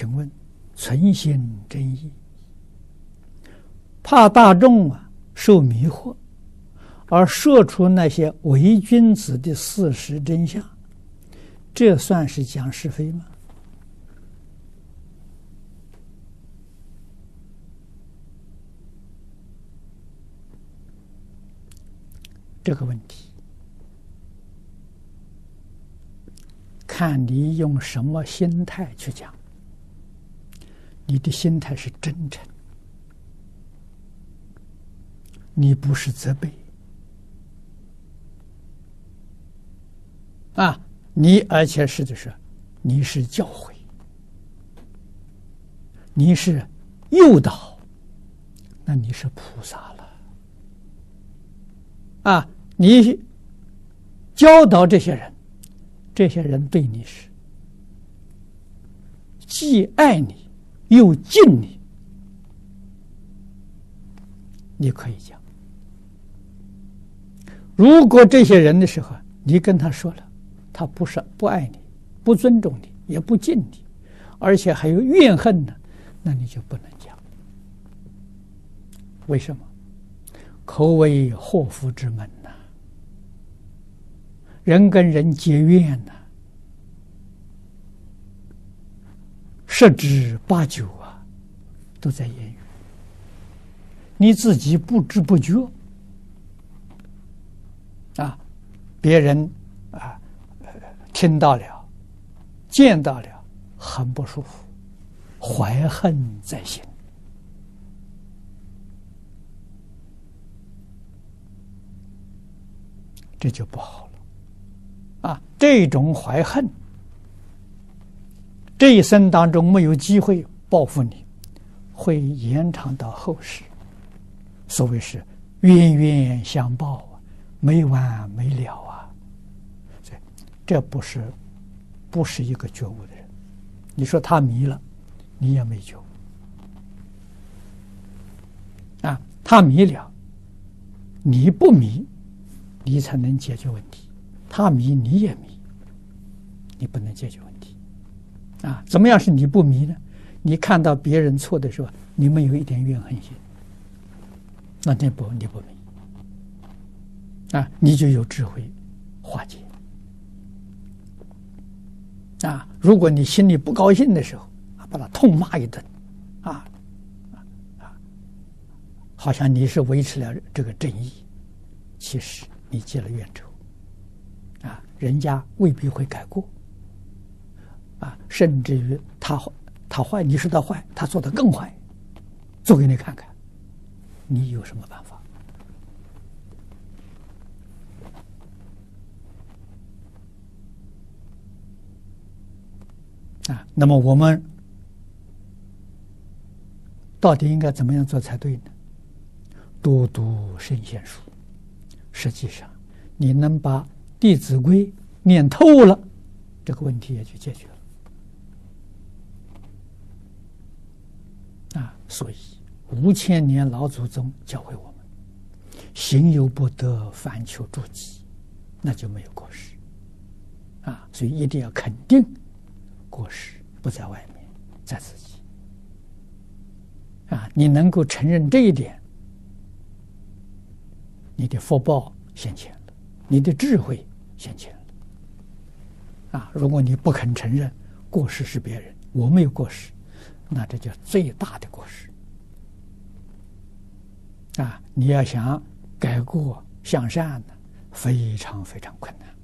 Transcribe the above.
請問，存心正義，怕大眾啊受迷惑，而說出那些偽君子的事實真相，這算是講是非嗎？這個問題，看你用什麼心態去講。你的心態是真誠，你不是責備啊！你而且是就是，你是教誨，你是誘導，那你是菩薩了啊！你教導這些人，這些人對你是既愛你，又敬你，你可以講。如果這些人的時候，你跟他說了，他不是不愛你，不尊重你，也不敬你，而且還有怨恨呢，那你就不能講。為什麼？口為禍福之門吶、啊，人跟人結怨吶、啊。十之八九啊，都在言語。你自己不知不覺啊，別人啊，聽到了、見到了，很不舒服，懷恨在心，這就不好了。啊，這種懷恨。這一生當中沒有機會報復你，會延長到後世。所謂是冤冤相報啊，沒完沒了啊！所以，這不是不是一個覺悟的人。你說他迷了，你也沒覺啊。他迷了，你不迷，你才能解決問題。他迷，你也迷，你不能解決問題。啊，怎麼樣是你不迷呢？你看到別人錯的時候，你沒有一點怨恨心，那你不你不迷啊？你就有智慧化解啊。如果你心裡不高興的時候，啊，把他痛罵一頓啊啊，好像你是維持了這個正義，其實你結了怨仇啊，人家未必會改過。啊，甚至於他他壞，你說他壞，他做的更壞，做給你看看，你有什麼辦法？啊，那麼我們到底應該怎麼樣做才對呢？多讀聖賢書，實際上你能把《弟子規》念透了，這個問題也就解決了。所以，五千年老祖宗教誨我們：行有不得，反求諸己，那就沒有過失。啊，所以一定要肯定過失不在外面，在自己。啊，你能夠承認這一點，你的福報現前了，你的智慧現前了。啊，如果你不肯承認過失是別人，我沒有過失。那這叫最大的過失啊！你要想改過向善呢，啊，非常非常困難。